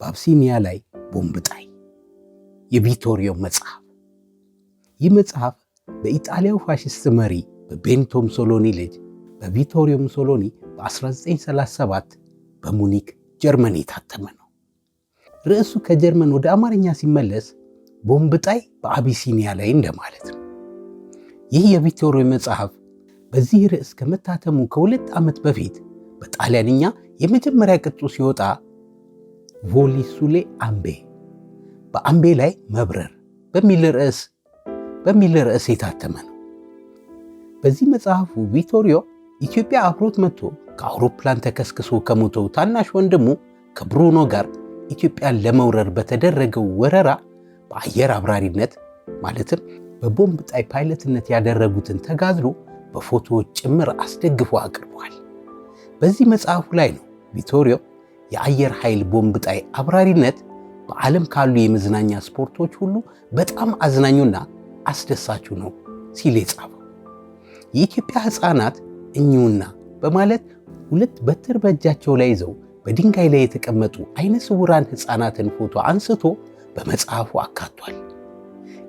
በአብሲኒያ ላይ ቦምብ ጣይ የቪቶሪዮ መጽሐፍ። ይህ መጽሐፍ በኢጣሊያው ፋሽስት መሪ በቤንቶ ሙሶሎኒ ልጅ በቪቶሪዮ ሙሶሎኒ በ1937 በሙኒክ ጀርመን የታተመ ነው። ርዕሱ ከጀርመን ወደ አማርኛ ሲመለስ ቦምብ ጣይ በአቢሲኒያ ላይ እንደማለት ነው። ይህ የቪቶሪዮ መጽሐፍ በዚህ ርዕስ ከመታተሙ ከሁለት ዓመት በፊት በጣሊያንኛ የመጀመሪያ ቅጹ ሲወጣ ቮሊሱሌ አምቤ በአምቤ ላይ መብረር በሚል ርዕስ በሚል ርዕስ የታተመ ነው። በዚህ መጽሐፉ ቪቶሪዮ ኢትዮጵያ አብሮት መጥቶ ከአውሮፕላን ተከስክሶ ከሞተው ታናሽ ወንድሙ ከብሩኖ ጋር ኢትዮጵያን ለመውረር በተደረገው ወረራ በአየር አብራሪነት ማለትም በቦምብ ጣይ ፓይለትነት ያደረጉትን ተጋድሎ በፎቶዎች ጭምር አስደግፎ አቅርበዋል። በዚህ መጽሐፉ ላይ ነው ቪቶሪዮ የአየር ኃይል ቦምብ ጣይ አብራሪነት በዓለም ካሉ የመዝናኛ ስፖርቶች ሁሉ በጣም አዝናኙና አስደሳቹ ነው ሲል የጻፈው የኢትዮጵያ ሕፃናት እኚሁና በማለት ሁለት በትር በእጃቸው ላይ ይዘው በድንጋይ ላይ የተቀመጡ አይነ ስውራን ሕፃናትን ፎቶ አንስቶ በመጽሐፉ አካቷል።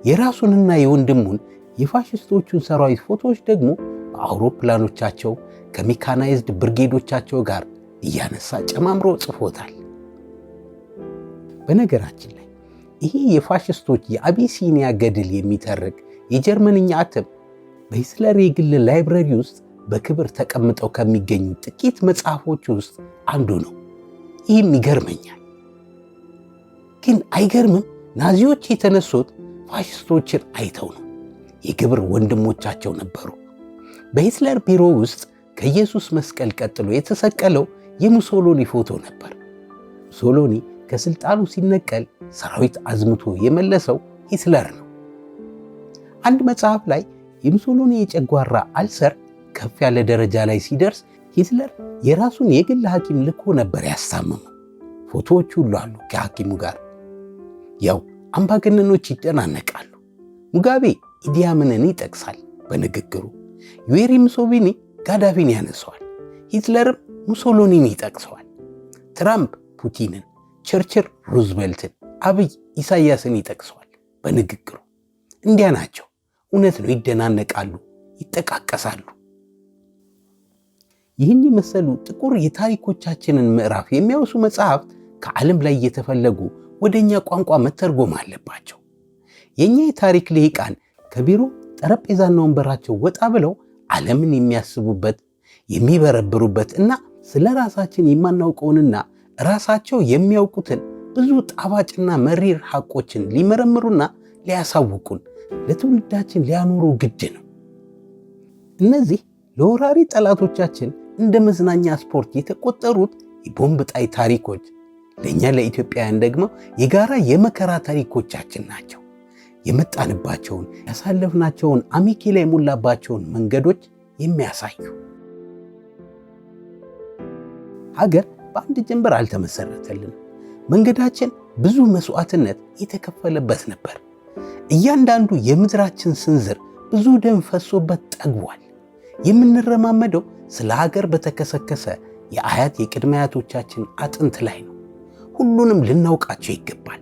የራሱንና የወንድሙን የፋሽስቶቹን ሰራዊት ፎቶዎች ደግሞ በአውሮፕላኖቻቸው ከሜካናይዝድ ብርጌዶቻቸው ጋር እያነሳ ጨማምሮ ጽፎታል። በነገራችን ላይ ይሄ የፋሽስቶች የአቢሲኒያ ገድል የሚተርክ የጀርመንኛ እትም በሂትለር የግል ላይብረሪ ውስጥ በክብር ተቀምጠው ከሚገኙ ጥቂት መጽሐፎች ውስጥ አንዱ ነው። ይህም ይገርመኛል። ግን አይገርምም? ናዚዎች የተነሱት ፋሽስቶችን አይተው ነው። የግብር ወንድሞቻቸው ነበሩ። በሂትለር ቢሮ ውስጥ ከኢየሱስ መስቀል ቀጥሎ የተሰቀለው የሙሶሎኒ ፎቶ ነበር። ሙሶሎኒ ከስልጣኑ ሲነቀል ሰራዊት አዝምቶ የመለሰው ሂትለር ነው። አንድ መጽሐፍ ላይ የሙሶሎኒ የጨጓራ አልሰር ከፍ ያለ ደረጃ ላይ ሲደርስ ሂትለር የራሱን የግል ሐኪም ልኮ ነበር ያስታመመው። ፎቶዎች ሁሉ አሉ ከሐኪሙ ጋር። ያው አምባገነኖች ይጨናነቃሉ። ሙጋቤ ኢዲያምንን ይጠቅሳል በንግግሩ። ዩዌሪ ሙሶቪኒ ጋዳፊን ያነሰዋል። ሂትለርም ሙሶሎኒን ይጠቅሰዋል። ትራምፕ ፑቲንን፣ ቸርችል ሩዝቬልትን፣ አብይ ኢሳያስን ይጠቅሰዋል በንግግሩ። እንዲያ ናቸው። እውነት ነው፣ ይደናነቃሉ፣ ይጠቃቀሳሉ። ይህን የመሰሉ ጥቁር የታሪኮቻችንን ምዕራፍ የሚያወሱ መጽሐፍት ከዓለም ላይ እየተፈለጉ ወደ እኛ ቋንቋ መተርጎም አለባቸው። የእኛ የታሪክ ልሂቃን ከቢሮ ጠረጴዛና ወንበራቸው ወጣ ብለው ዓለምን የሚያስቡበት የሚበረብሩበት እና ስለ ራሳችን የማናውቀውንና ራሳቸው የሚያውቁትን ብዙ ጣፋጭና መሪር ሐቆችን ሊመረምሩና ሊያሳውቁን ለትውልዳችን ሊያኖሩ ግድ ነው። እነዚህ ለወራሪ ጠላቶቻችን እንደ መዝናኛ ስፖርት የተቆጠሩት የቦምብ ጣይ ታሪኮች ለእኛ ለኢትዮጵያውያን ደግሞ የጋራ የመከራ ታሪኮቻችን ናቸው። የመጣንባቸውን ያሳለፍናቸውን አሜኬላ የሞላባቸውን መንገዶች የሚያሳዩ ሀገር በአንድ ጀንበር አልተመሰረተልን መንገዳችን ብዙ መስዋዕትነት የተከፈለበት ነበር። እያንዳንዱ የምድራችን ስንዝር ብዙ ደም ፈሶበት ጠግቧል። የምንረማመደው ስለ ሀገር በተከሰከሰ የአያት የቅድመ አያቶቻችን አጥንት ላይ ነው። ሁሉንም ልናውቃቸው ይገባል።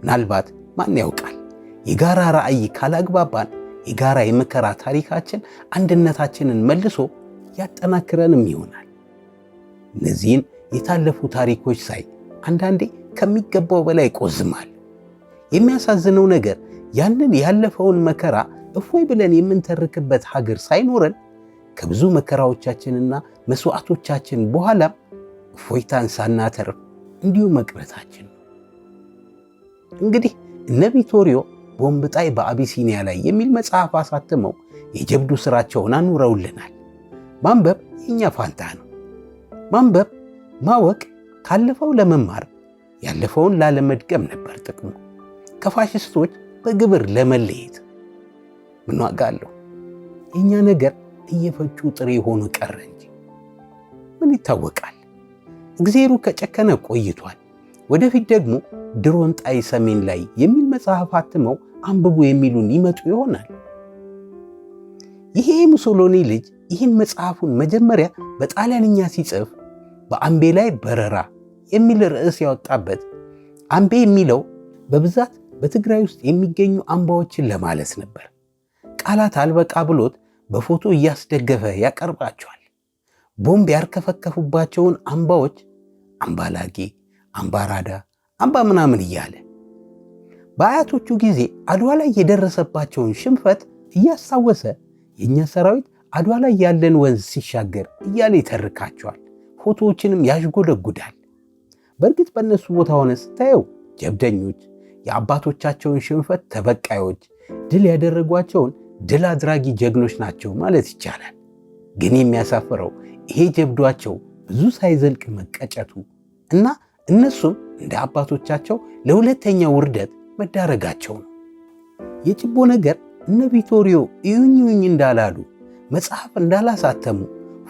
ምናልባት ማን ያውቃል፣ የጋራ ራዕይ ካላግባባን የጋራ የመከራ ታሪካችን አንድነታችንን መልሶ ያጠናክረንም ይሆናል። እነዚህን የታለፉ ታሪኮች ሳይ አንዳንዴ ከሚገባው በላይ ቆዝማል። የሚያሳዝነው ነገር ያንን ያለፈውን መከራ እፎይ ብለን የምንተርክበት ሀገር ሳይኖረን ከብዙ መከራዎቻችንና መስዋዕቶቻችን በኋላም እፎይታን ሳናተርፍ እንዲሁ መቅረታችን ነው። እንግዲህ እነ ቪቶሪዮ ቦምብጣይ በአቢሲኒያ ላይ የሚል መጽሐፍ አሳትመው የጀብዱ ስራቸውን አኑረውልናል። ማንበብ የእኛ ፋንታ ነው። ማንበብ ማወቅ ካለፈው ለመማር ያለፈውን ላለመድገም ነበር ጥቅሙ። ከፋሽስቶች በግብር ለመለየት ምን ዋጋ አለው? የእኛ ነገር እየፈጩ ጥሬ ሆኖ ቀረ እንጂ ምን ይታወቃል? እግዜሩ ከጨከነ ቆይቷል። ወደፊት ደግሞ ድሮን ጣይ ሰሜን ላይ የሚል መጽሐፍ አትመው አንብቡ የሚሉን ይመጡ ይሆናል። ይሄ ሙሶሎኒ ልጅ ይህን መጽሐፉን መጀመሪያ በጣሊያንኛ ሲጽፍ በአምቤ ላይ በረራ የሚል ርዕስ ያወጣበት አምቤ የሚለው በብዛት በትግራይ ውስጥ የሚገኙ አምባዎችን ለማለት ነበር። ቃላት አልበቃ ብሎት በፎቶ እያስደገፈ ያቀርባቸዋል። ቦምብ ያርከፈከፉባቸውን አምባዎች አምባላጌ፣ አምባራዳ፣ አምባ ምናምን እያለ በአያቶቹ ጊዜ አድዋ ላይ የደረሰባቸውን ሽንፈት እያስታወሰ የእኛ ሰራዊት አድዋ ላይ ያለን ወንዝ ሲሻገር እያለ ይተርካቸዋል። ፎቶዎችንም ያዥጎደጉዳል። በእርግጥ በእነሱ ቦታ ሆነ ስታየው ጀብደኞች፣ የአባቶቻቸውን ሽንፈት ተበቃዮች፣ ድል ያደረጓቸውን ድል አድራጊ ጀግኖች ናቸው ማለት ይቻላል። ግን የሚያሳፍረው ይሄ ጀብዷቸው ብዙ ሳይዘልቅ መቀጨቱ እና እነሱም እንደ አባቶቻቸው ለሁለተኛ ውርደት መዳረጋቸው ነው። የጭቦ ነገር እነ ቪቶሪዮ እዩኝ እዩኝ እንዳላሉ፣ መጽሐፍ እንዳላሳተሙ፣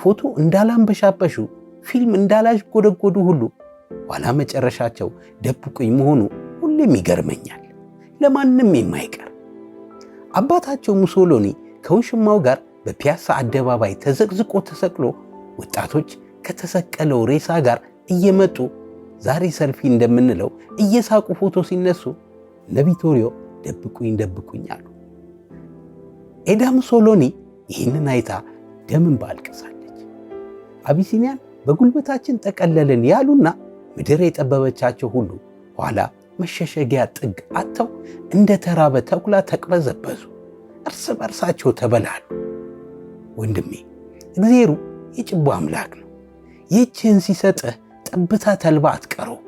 ፎቶ እንዳላንበሻበሹ ፊልም ጎደጎዱ ሁሉ ኋላ መጨረሻቸው ደብቁኝ መሆኑ ሁሌም ይገርመኛል። ለማንም የማይቀር አባታቸው ሙሶሎኒ ከውሽማው ጋር በፒያሳ አደባባይ ተዘቅዝቆ ተሰቅሎ ወጣቶች ከተሰቀለው ሬሳ ጋር እየመጡ ዛሬ ሰልፊ እንደምንለው እየሳቁ ፎቶ ሲነሱ ለቪቶሪዮ ደብቁኝ ደብቁኝ አሉ። ኤዳ ሙሶሎኒ ይህንን አይታ ደምን ባልቅሳለች። አቢሲኒያን በጉልበታችን ጠቀለልን ያሉና ምድር የጠበበቻቸው ሁሉ ኋላ መሸሸጊያ ጥግ አጥተው እንደ ተራበ ተኩላ ተቅበዘበዙ፣ እርስ በርሳቸው ተበላሉ። ወንድሜ እግዜሩ የጭቦ አምላክ ነው። ይህችን ሲሰጥህ ጠብታ ተልባ አትቀረው፣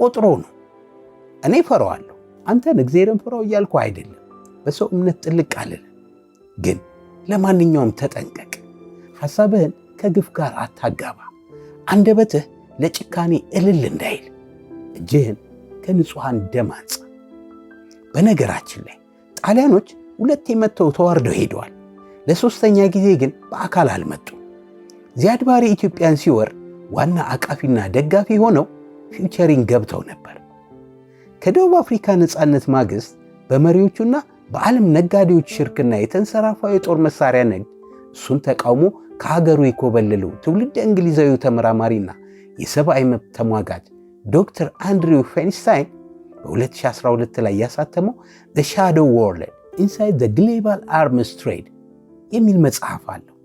ቆጥሮ ነው። እኔ ፈረዋለሁ፣ አንተን እግዜርን ፍራው እያልኩ አይደለም። በሰው እምነት ጥልቅ አልልም፣ ግን ለማንኛውም ተጠንቀቅ። ሐሳብህን ከግፍ ጋር አታጋባ። አንደበትህ ለጭካኔ እልል እንዳይል እጅህን ከንጹሐን ደም አንጻ። በነገራችን ላይ ጣሊያኖች ሁለቴ መጥተው ተዋርደው ሄደዋል። ለሦስተኛ ጊዜ ግን በአካል አልመጡም። ዚያድ ባሬ ኢትዮጵያን ሲወር ዋና አቃፊና ደጋፊ ሆነው ፊውቸሪንግ ገብተው ነበር። ከደቡብ አፍሪካ ነፃነት ማግስት በመሪዎቹና በዓለም ነጋዴዎች ሽርክና የተንሰራፋው የጦር መሳሪያ ንግድ እሱን ተቃውሞ ከሀገሩ የኮበለለው ትውልድ እንግሊዛዊ ተመራማሪና የሰብአዊ መብት ተሟጋጅ ዶክተር አንድሪው ፌንስታይን በ2012 ላይ ያሳተመው ዘ ሻዶ ወርልድ ኢንሳይድ ዘ ግሎባል አርምስ ትሬድ የሚል መጽሐፍ አለው።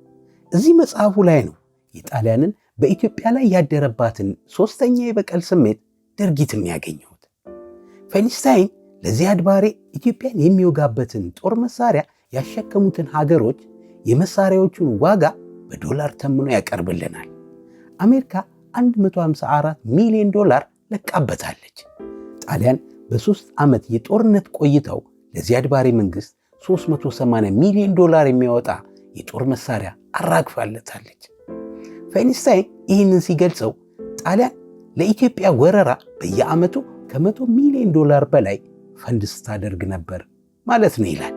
እዚህ መጽሐፉ ላይ ነው የጣሊያንን በኢትዮጵያ ላይ ያደረባትን ሶስተኛ የበቀል ስሜት ድርጊት የሚያገኘሁት። ፌንስታይን ለዚህ አድባሬ ኢትዮጵያን የሚወጋበትን ጦር መሳሪያ ያሸከሙትን ሀገሮች የመሳሪያዎቹን ዋጋ በዶላር ተምኖ ያቀርብልናል። አሜሪካ 154 ሚሊዮን ዶላር ለቃበታለች። ጣሊያን በሶስት ዓመት የጦርነት ቆይተው ለዚህ አድባሪ መንግሥት 380 ሚሊዮን ዶላር የሚያወጣ የጦር መሳሪያ አራግፋለታለች። ፋይንስታይን ይህንን ሲገልጸው ጣሊያን ለኢትዮጵያ ወረራ በየዓመቱ ከመቶ ሚሊዮን ዶላር በላይ ፈንድ ስታደርግ ነበር ማለት ነው ይላል።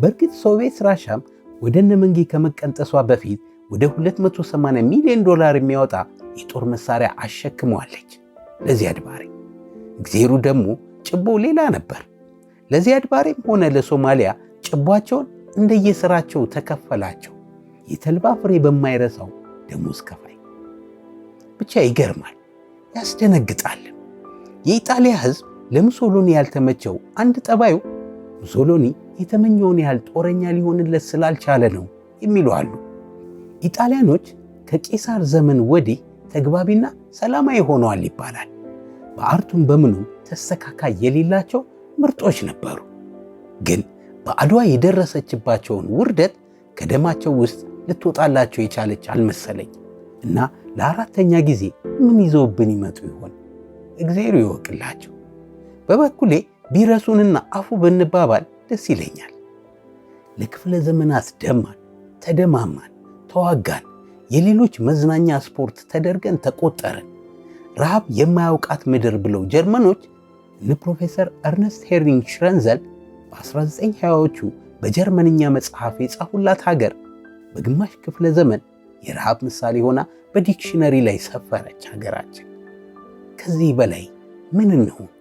በእርግጥ ሶቪየት ራሻም ወደ እነመንጌ ከመቀንጠሷ በፊት ወደ 280 ሚሊዮን ዶላር የሚያወጣ የጦር መሳሪያ አሸክመዋለች። ለዚህ አድባሪ። እግዜሩ ደግሞ ጭቦ ሌላ ነበር። ለዚህ ባሬም ሆነ ለሶማሊያ ጭቧቸውን እንደየሥራቸው ተከፈላቸው። የተልባ ፍሬ በማይረሳው ደሞዝ ከፋይ ብቻ ይገርማል፣ ያስደነግጣል። የኢጣሊያ ሕዝብ ለሙሶሎኒ ያልተመቸው አንድ ጠባዩ ሙሶሎኒ የተመኘውን ያህል ጦረኛ ሊሆንለት ስላልቻለ ነው የሚሉ አሉ። ኢጣሊያኖች ከቄሳር ዘመን ወዲህ ተግባቢና ሰላማዊ ሆነዋል ይባላል። በአርቱም በምኑም ተስተካካይ የሌላቸው ምርጦች ነበሩ። ግን በአድዋ የደረሰችባቸውን ውርደት ከደማቸው ውስጥ ልትወጣላቸው የቻለች አልመሰለኝ እና ለአራተኛ ጊዜ ምን ይዘውብን ይመጡ ይሆን? እግዜሩ ይወቅላቸው። በበኩሌ ቢረሱንና አፉ ብንባባል ደስ ይለኛል። ለክፍለ ዘመናት ደማን፣ ተደማማን፣ ተዋጋን፣ የሌሎች መዝናኛ ስፖርት ተደርገን ተቆጠርን። ረሃብ የማያውቃት ምድር ብለው ጀርመኖች እነ ፕሮፌሰር እርነስት ሄሪንግ ሽረንዘል በ1920ዎቹ በጀርመንኛ መጽሐፍ የጻፉላት ሀገር በግማሽ ክፍለ ዘመን የረሃብ ምሳሌ ሆና በዲክሽነሪ ላይ ሰፈረች ሀገራችን። ከዚህ በላይ ምን እንሆን?